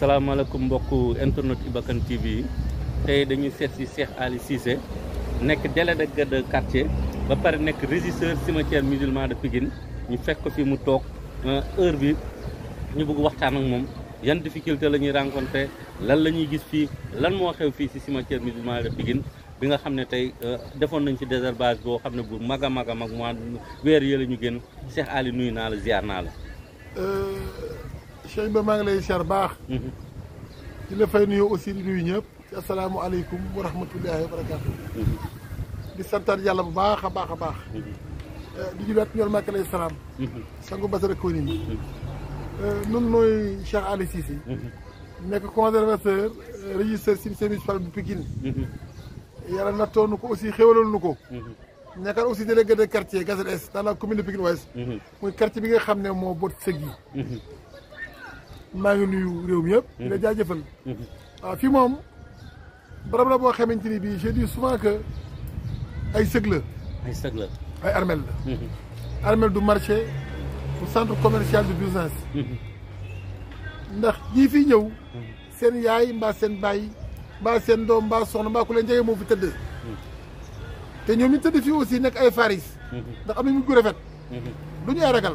salaamaaleykum mbokk internet Iba Kane TV yi tey dañuy seet si Cheikh Ali Cissé nekk délégué de quartier ba pare nekk régisseur cimetière musulman de Pikine ñu fekk ko fi mu toog euh, heure bi ñu bëgg waxtaan ak moom yan difficulté la ñuy rencontré lan la ñuy gis fii lan moo xew fii si cimetière musulman de Pikine bi nga xam ne tey euh, defoon nañ ci désherbage boo xam ne bu mag a mag a mag mois weer yële ñu génn Cheikh Ali nuy naa la ziar naa la. Euh, شيخ بمان لي شر باخ دي لا فاي نيو اوسي دي نيو نييب السلام عليكم ورحمه الله وبركاته دي سانتار يالا باخا باخا باخ دي جي بات نيول ماك لي سلام سانغو باسر كونين نون نوي شيخ علي سيسي نيك كونزرفاتور ريجستر سيم سيميس فال بو بيكين يالا ناتو نكو اوسي خيولول نكو nekkal aussi délégué de quartier gazel est dans la commune de pikine ouest mhm. muy quartier bi nga xamne mo bot segui maa ngi nuyu réew mi yëpp. di la mhm. jaajëfal. waaw mhm. ah, moom barab la boo xamante ni bii je dis que ay sëg la. ay armel la. Mhm. armel du marché du centre commercial du business. ndax ñii fi ñëw. seen yaay mbaa seen baay mbaa seen doom mbaa soxna mbaa ku leen jege moo fi tëdd. te ñoom ñu tëdd fii aussi nekk ay faris. ndax am nañu mujj gu du ñu ay ragal.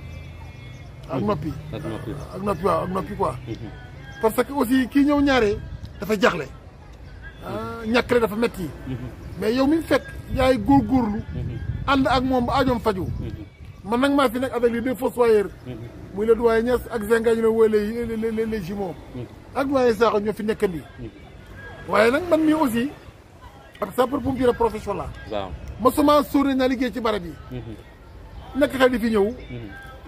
ak noppi ak noppi waaw ak noppi quoi mhm. parce que aussi kii ñëw ñaare dafa jaxle mhm. ah, ñàkkale dafa metti mhm. mais yow mi fekk góor góorgóorlu ànd ak moom ba ajoom faju man nag maa fi nekk avec les deux fossoyeurs muy le ak Zenga ñu ne wooy les les jumeaux ak doyen ñoo fi nekkandi waaye nag man mii aussi ak sapeur-pompier la profession la ma suma sóor na liggéey ci barab yi nekk xel di fi ñëw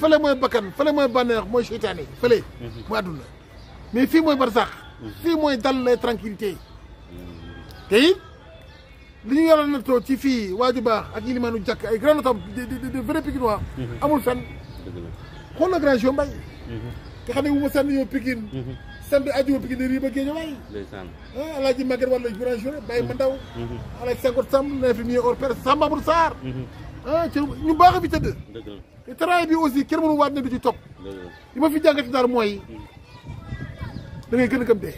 fële mooy bakkan fële mooy bànneex mooy seytaane fële mhm. mooy àdduna mais fii mooy barsax mhm. fii mooy dal lay tranquillité te it li ñu yàlla nattoo ci fii waaju baax ak yilimaanu jàkk ay grand notable de vrai Pikinois mhm. amul fenn xool na grand Jio Mbaye te xam ne bu ma sànni yoo Pikine samedi aju Pikine ne rii ba géej waay ah alaaji Maguette wàllu grand Jio Baye Mandaw alaaj Senghor Samb na fi mieux hors pair Samba Bour ah cër ñu baax fi tëdd te teraay bi aussi kër mënu waat ne du ci topp li ma fi jàngati daal mooy da ngay gën a gëm dee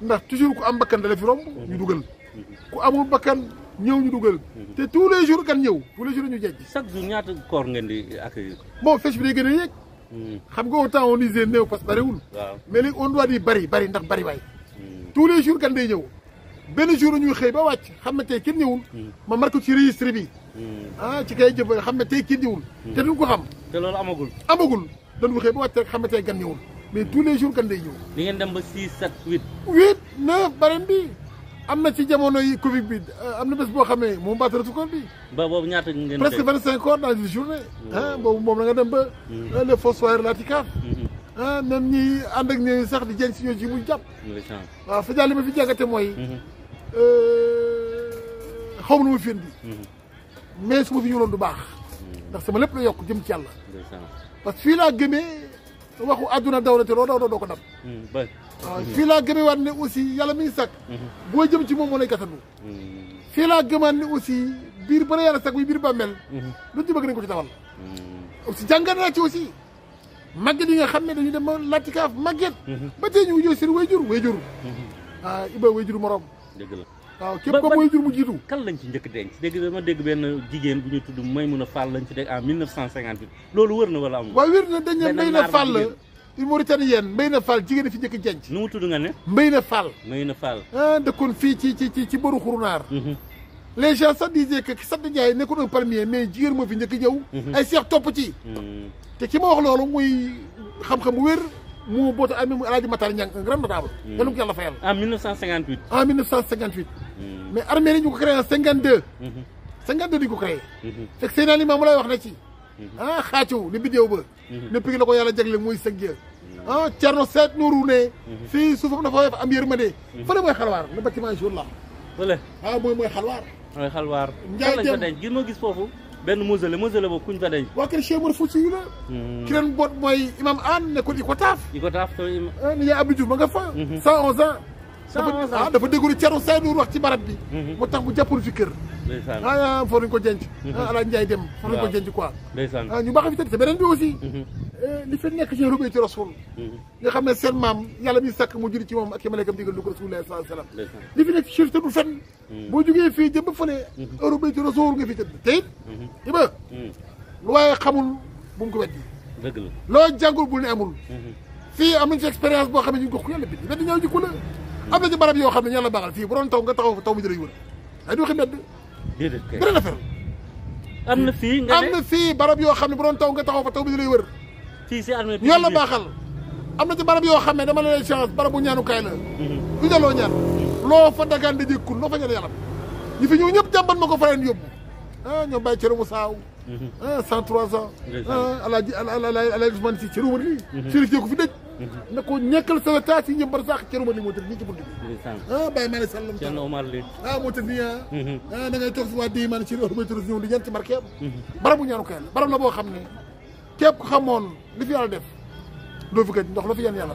ndax toujours ku am bakkan dala fi romb ñu dugal ku amul bakkan ñëw ñu dugal te tous les jours kan ñëw tous les jours ñu jejj chaque jour ñaata koor ngeen di accueillir bon fes bi day gën a hmm. xam nga autant on disait néew parce que bariwul mais léegi on doit dire bari bari ndax bari waay hmm. tous les jours kan day ñëw benn jour ñuy xëy ba wàcc xam ne tey kenn ñëwul. Hmm. ma marqué ci registre bi. Hmm. ah ne tey kenn ñëwul. Hmm. te ko xam. te loolu amagul. amagul dañu xëy ba wàcc rek xam ne tey gan ñëwul mais tous les jours gan lay ñëw. di ngeen dem ba 6 7 8. 8 9 barem bi am na ci jamono yi Covid bi euh, am na bés boo xamee moom battre record bi. ba ñaata ñu ngeen presque 25 heures dans une journée. Ah, boobu moom la nga dem ba. Euh, les fossoyeurs laa ci kaaf. ah même ñi ànd ak ñooñu sax di jën si ñoo ci bu jàpp. waaw fa jàll fi jàngate mooy. Euh, xaw ma nu ma fi mhm. mais su ma fi ñëwoon du baax mhm. ndax sama lépp la yokk jëm ci yàlla parce que fii laa gëmee waxu àdduna daw la te loo daw doo ko dab mhm, ah, fii laa gëmee waat ne aussi yàlla mi ngi sàkk boo jëm ci moom moo lay gàttandu fii laa gëmaat ne aussi biir ba la yàlla sàkk bi biir bàmmeel lu ci bëgg nañ ko ci tawal aussi jàngat naa ci aussi màgget yi nga xam ne dañu dem ma latikaaf màgget ba tey ñu ngi jël seen wayjur wayjur i ah, Iba wayjur morom dégg la waaw képp ko mooy jur mu jiitu kan lañ ci njëkk denc dégg dama dégg benn jigéen bu ñu tudd Maymuna Fall lañ ci dégg en 1958 loolu wër na wala amul waaw wër na dañ ne Mayna Fall mauritanienne Mayna Fall jigéen a fi njëkk denc nu mu tudd nga ne Mayna Fall Mayna Fall ah dëkkoon fii ci ci ci ci bëru xurunaar mhm. les gens sax disaient que Sadda Ndiaye nekkoon un premier mais jigéen moo fi njëkk ñëw mhm. ay seex topp ci mhm. te ci ma wax loolu muy xam-xam wér moo boota ami mu El Hadj Matar Niang un grand notable. Hmm. yàlla na ko yàlla fayal. en 1958. en 1958. Hmm. mais armée yi ñu ko créé en 52. 52 dañu ko créé. Hmm. fekk seen aliment mu lay wax na ci. ah xaacu li bidéew a ne pig la ko yàlla jagle muy a ah Thierno Seet Nourou ne. fii suufam dafa woyof am yërmande. fële mooy xalwaar le bâtiment jour la. fële. waaw ah, mooy mooy xalwaar. mooy xalwaar. njaay jëm gis ma gis foofu. benn mausolée mausolée boobu kuñ fa denc. waa kër Cheikh Oumar Foutiyou la. Hmm. ki leen boot mooy imam Anne nekkoon Ikotaaf. Ikotaaf tamit. ah ni yaa Abdou Diouf ma nga fa. 111 hmm. ans. 111 ans dafa ah, dafa déglu Thierno Seydou wax ci barab bi. Hmm. moo tax mu jàppul fi kër. ndeysaan ah foo ko denc. ah Alane Ndiaye dem. waaw foo nañu ko denc quoi. Ah, ñu baax fi tamit te beneen bi eh, li fi nekk ci rubé ci rasul nga xam ne seen maam yàlla mi sàkk mu juri ci moom ak i maleekam digal lu ko rasulullah sallallahu alayhi li Hmm. boo jógee fi jëb ba fële hmm. heure bi ci rasoor nga fi tëdd te it hmm. iba lu waaye xamul bu ngi ko weddi dëgg la loo jàngul bul ne amul fi amuñ ci expérience bo xamni ñu ko ko yàlla bind mbedd ñaaw jikko la am na ci barab yo xamni ne yàlla baaxal fii bu doon taw nga taxaw taw bi jëlay wër ay do waxi mbedd beneen affaire amna fi nga amna fi barab yo xamni bu doon taw nga taxaw fa taw bi jëlay wër fi ci armée yàlla baaxal amna ci barab yo xamni dama la lay chance barab bu kay la du jaloo ñaan loo fa dagaan da jëkkul loo fa ñaan yàlla ñi fi ñëw ñëpp ma ko fa leen yóbbu ah ñoom Baye Thierno Moussa Aw mhm. ah alaaji alaaji ah, Ousmane si Thierno Umar lii Chérif Diékou fi dëj mhm. na ko ñekkal sa taa si ñëpp bar sax Thierno Umar lii moo tëdd nii ci bunt bi ah Baye Malick Sall Thierno Omar lii ah moo tëdd nii ah mhm. ah da ngay toog di man ci réew mi ñëw di ñaan ci barkeem barabu ñaanu kay barab la boo xam ne képp ku xamoon li fi yàlla def doo fi gëj ndox la fi yaan yàlla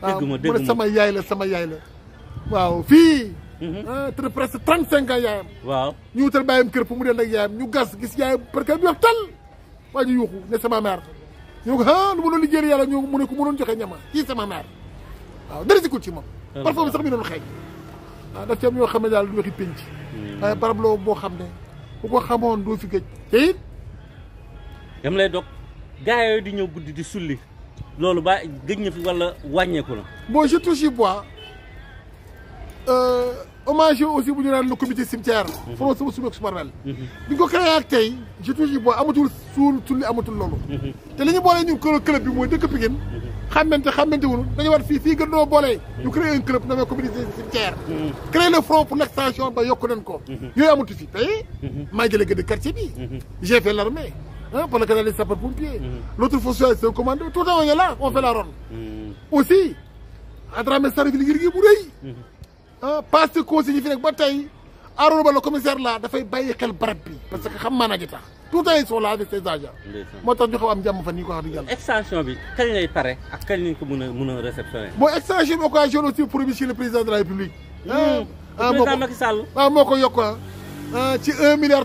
dégguma sama yaay la sama yaay mhm. ah, trente cinq ans yaayam waaw ñu wutal pour gas gis yaayam parce que bi wax tal waa ñu yuuxu ne sama mère ñu ko ah lu ma doon liggéeyal yàlla ñu mu ne ko mu doon joxe ñama kii mère waaw dara sikul ci moom parfois bi sax mi doon le waaw ah, daf ne hmm. lay dog gaa di ñëw guddi di sulli loolu ba gëj fi wala bon je touche bois euh, hommage aussi bu le comité cimetière. Mhm. foofu sama suñu subarmel. Mhm. bi ko créé ak tay je touche bois amatul sul tulli amatul mhm. te li ñu bolé ñu club club bi moy dëkk wuñu dañu war fi fi gën un club comité cimetière. Créer le front pour l' ba yokku nañ ko. yooyu amatu fi tey. Je ngi la quartier j'ai fait l'armée pour le canal pompiers L'autre fonctionnaire, c'est le commandant. Tout le temps, on est là, on fait la ronde. Mhm. Aussi, Adrame de mhm. hein, que bataille. le commissaire là, il quel Parce que je ne Tout le temps, ils sont là avec agents. Moi, je suis Extension, est est-ce que vous Bon, extension, occasion aussi pour le président de la République. Hmm. Hein? Le président hein, Ah, moi, je suis milliard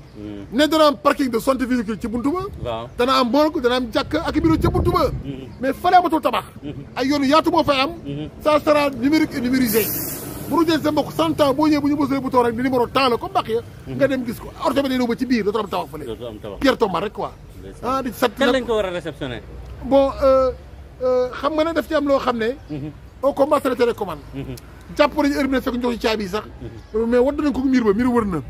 Mm-hmm. ne dana am parking de soixante véhicules ci buntu ba. dana am morgue dana am jàkk ak bureau ca buntu ba. Mm-hmm. mais fële amatul tabax. Mm-hmm. ay yoonu yaatu moo fay am. ça sera numérique et numérisé. bu ñu jëlee sa mbokk cent ans boo ñëwee bu ñu bësee bu toog rek di numéro temps la comme bàq ya. nga dem gis ko orto bi day ñëw ba ci biir dootul am tabax fële. Pierre Tomba rek quoi. Ah, bon euh, euh, xam nga ne daf ci am loo xam ne. au combat c'est la télécommande. jàpp nañu heure bi ne fekk ñu jox ci caabi sax. ko na.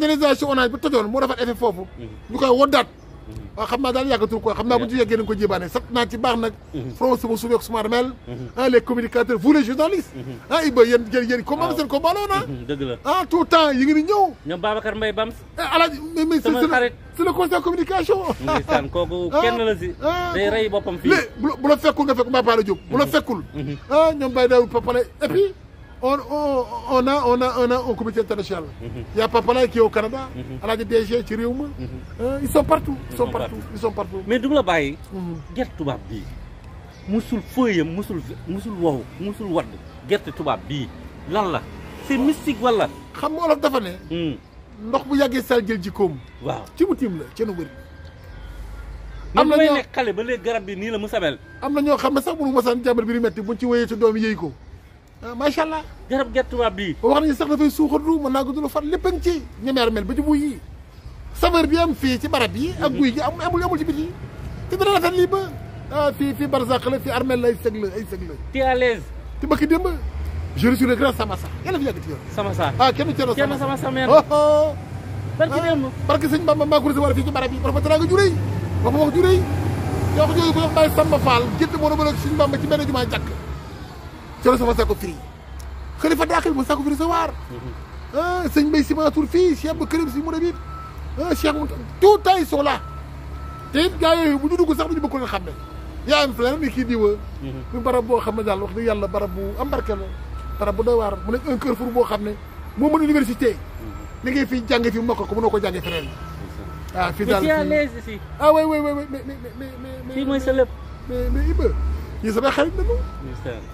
canalisation onage bi tojoon moo defaat effet foofu mhm. ñu koy woddaat mhm. waaw xam naa daal yàggatul quoi xam naa bu ñu ci yeggee nañ ko baax nag mhm. front suma suufeek suma remel ah les communicateurs vous les journalistes ah, Iba yéen yéen yéen combat seen ah, tout temps yi ngi ni ñëw eh, le conseil communication ndeysaan kooku ah. fekkul nga fekk mbaa paala jóg bu fekkul ah ñoom Baye Papale et on, on, on, a, on, a, on a un comité international. Mhm. Il y a Papala qui au Canada, mm -hmm. à la DDG, qui est Ils sont partout. Ils, sont, partout. Ils sont partout. Mais d'où là-bas, il y a tout babi. Moussoul feuille, musul moussoul wow, moussoul wad, guette tout babi. Là là, c'est mystique voilà. Xam nga olof dafa ne. Hmm. Ndox bu yàggee sal jël jikkoom. Waaw. Ci mu tiim la, ci nu wër. am na ñoo mais xale ba léegi garab bi nii la mu sabel. am na sax bu nu mosaan jàmbar bi metti bu ci wéyee ci doom yëy ko. Euh, macha allah garab gertubaab bii wax nañu sax dafay suuxardu mën naa guddul fan lépp a ngi ci ñemeer mel ba ci yi saveur bi am fii ci barab yi ak guy gi amul amul amul ci biti te dana rafet lii ba ah fii fii barzaq la fii armel la ay sëg la ay sëg la te à l'aise te bëkk le grand Samassa yàlla fi yàgg ci yoon Samassa ah kenn ceerno kenn Samassa oh, oh. Ah, Bamba maa ko recevoir fii ci barab yi ba dafa teraanga jurëy wax wax jurëy te Bamba ci benn jumaa jàkk sama sama sako firi khalifa dakil mo sako firi sa war ah seigne bay sima tour fi cheb bakrim si mourabit ah cheikh tout tay sont là té gaay bu ñu dugg sax bu ñu nga xamé ya am flan ni ki wa bu barab bo xamé dal wax ni yalla barab bu am barké la barab bu doy war mu nek un carrefour bo xamné mo meun université ni ngay fi jangé fi mako ko mëno ko jangé fenen ah fi dal ah oui oui oui mais mais mais mais mais mais mais mais mais mais mais mais mais mais mais mais mais mais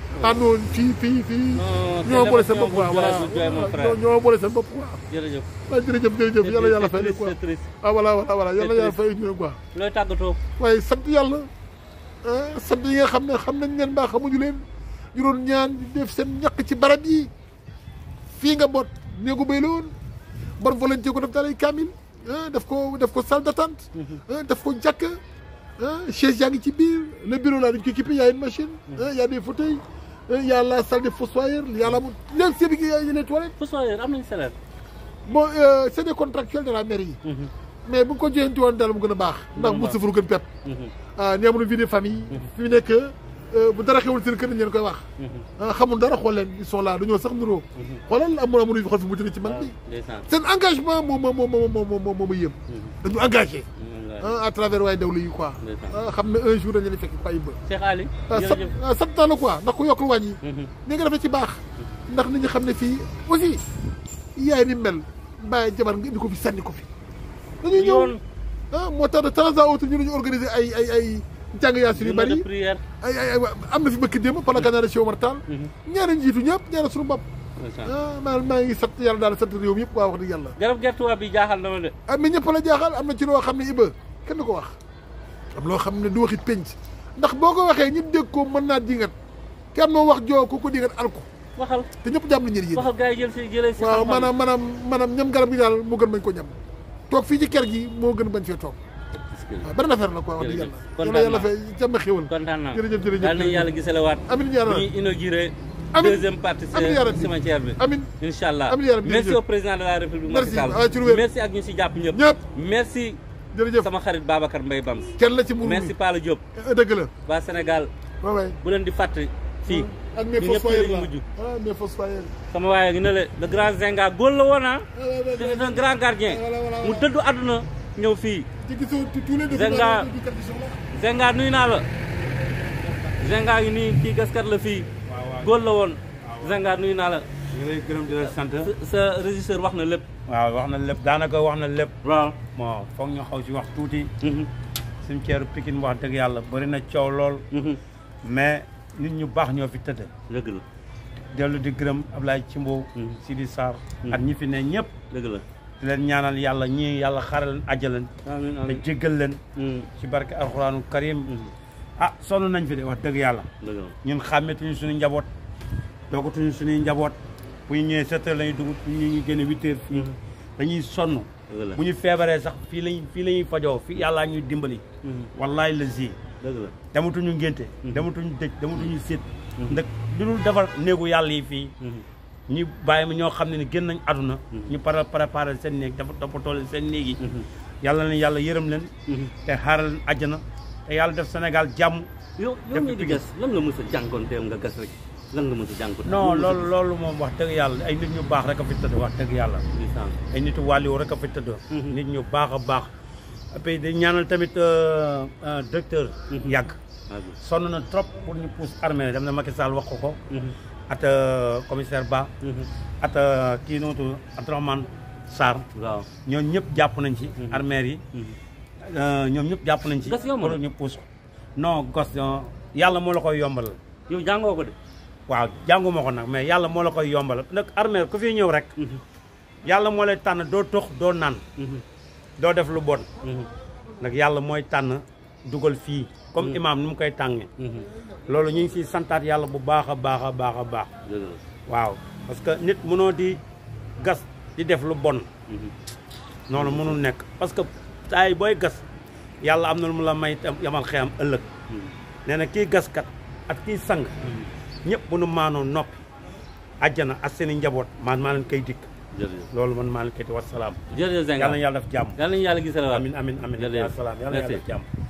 àndoon fii fii fii. ñoo boole seen bopp waaw voilà ñoo boole seen bopp waaw. jërëjëf waaw jërëjëf jërëjëf yàlla yàlla fay ñu quoi ah voilà voilà voilà yàlla yàlla fay ñu quoi. looy tàggatoo. waaye sant yàlla sant yi nga xam ne xam nañ leen mbaa xamuñu leen ñu doon ñaan def seen ñaq ci barab yi fii nga boot néegu béy la woon bon volonté eh, ko def daal ay kaamil daf ko daf mhm. eh, ko salle d'attente daf ko jàkk chaise yaa ngi ci biir le bureau là dañ ko équipé y a une machine y a des fauteuils Il euh, y a la salle fossoyeur, il y a la même si fossoyeur euh, c'est des contractuels de la mairie. Mhm. mais bu ko a mhm. ah, de famille. Mhm. fi avez euh, bu dara xewul seen gens ah, ils sont là sax engagement mon à travers waaye dawlu yi quoi. xam ne un jour dañu leen fekk quoi yëpp. Cheikh Ali. Euh, jërëjëf sant euh, ndax ku yokkul wàññi. Mhm. ni nga defee ci baax. ndax nit ñi xam ne fii aussi yaay ni mel bàyyi jabar nga indi ko fi sànni ko fi. dañuy ñëw ah moo tax de temps à autre ñu ne ay ay ay. jàng yaasin yu bëri ay ay am na fi bëkk démb par la canada mhm. si Omar Tall mhm. ñaari njiitu ñëpp ñaari suñu bopp maa maa ngi sant yàlla daal sant réew mi yëpp waa wax dëgg yàlla garab gerte waa bi jaaxal na ma de ah, am na ci loo xam ne Iba kenn du ko wax am loo xam ne du waxi pénc ndax boo ko waxee ñëpp dégg ko mën naa dingat kenn moo wax joo ko ko dingat al ko waxal te ñëpp jàpp nañu yéen waxal gars yi jël si jëlee si waaw maanaam maanaam maanaam garab gi daal moo gën bañ ko ñam toog fii ci ker gi moo gën bañ fee toog waaw beneen affaire la quoi wax dëgg yàlla yàlla yàlla fe jàmm xéwal kontaan naa jërëjëf jërëjëf daal nañu yàlla gisale merci au président de la république Macky Sall merci ak ñu si jàpp ñëpp merci jërëjëf sama xarit Babacar Mbaye Bams kenn la ci mburu merci eh, dëgg la waa Sénégal bu leen di fàtte fii ak mes fossoyeurs la sama waaye ngi ne le grand zinga góol la woon ah c'est un grand gardien mu dëddu àdduna ñëw fii zinga zinga nuyu naa la zinga ngi nii la fii góol la naa la ñu ngi lay sant. sa régisseur wax na lépp. waaw wax na lépp daanaka wax na lépp. waaw bon foog ñu xaw ci wax tuuti. Mm-hmm. cimetière pikin wax dëgg yàlla bëri na coow lool. Mm-hmm. mais nit ñu baax ñoo fi tëdd. dëgg la. dellu di gërëm Ablaye Cimbo. Mm-hmm. Sidi Sarr. ak ñi fi ne ñëpp. dëgg la di leen ñaanal yàlla ñii yàlla xaral àjjaleen. amiin amiin te jéggal leen. Mm. ci barke alxuraanu karim. ah sonn nañ fi de wax dëgg yàlla. dëgg la ñun xàmmetuñu suñu njaboot. doogatuñu suñuy njaboot. bu ñu ñëwee sept heures la ñuy ñu ñu génne huit mhm. dañuy sonn bu ñu feebaree sax fii lañ fii la ñuy fajoo fii yàllaa ñuy dimbali mhm. wallaay la zi dematuñu ngénte mhm. dematuñu dëj dematuñu séet ndax lu dul defar néegu yàlla yi fii ñu bàyyi ma ñoo xam ne ne génn nañ àdduna ñu para préparé seen néeg dafa dafa seen néeg yi yàlla na yàlla yërëm leen te xaaral àjjana te yàlla def Sénégal jàmm yow yow ñu di gas lan nga mos a jànkoonte nga gas rek lëng mu ci jàngut non loolu loolu moom wax dëgg yàlla ay nit ñu baax rek a fi tëdd wax dëgg yàlla ay nitu wàlliw rek fi tëdd mhm. nit ñu baax a baax di ñaanal tamit eh, eh, directeur mhm. yàgg sonn na trop pour ñu pousse armée dem na Macky Sall wax ko mhm. ko at commissaire Ba at kii nootu Abdourahmane Sarr waaw ñoom ñëpp jàpp nañ ci armée yi ñoom eh, ñëpp jàpp nañ ci pour ñu pousse non gos yàlla moo la koy yombal yow jàngoo de waaw jànguma ko nag mais yàlla moo la koy yombal nag armée ku fi ñëw rek mhm. yàlla moo la tànn doo tux doo naan mhm. doo def lu bon mhm. nag yàlla mooy tànn dugal fii comme imaam ni mu koy tànge loolu ñu ngi siy santaat yàlla bu baax a baax a baax a baax waaw parce que nit mënoo di gas di def lu bon noonu mënul nekk parce que taay booy gas yàlla am na lu mu la may yamal xeyam ëllëg nee na kii gaskat ak kii sang ñëpp bu nu maanoon noppi àjjana ak seen i njaboot man maa leen koy dikk. jërëjëf loolu man maa leen koy di wasalaam. jërëjëf Senghor yàlla yàlla def jàmm. yàlla na yàlla gisal waat amiin amiin def jàmm.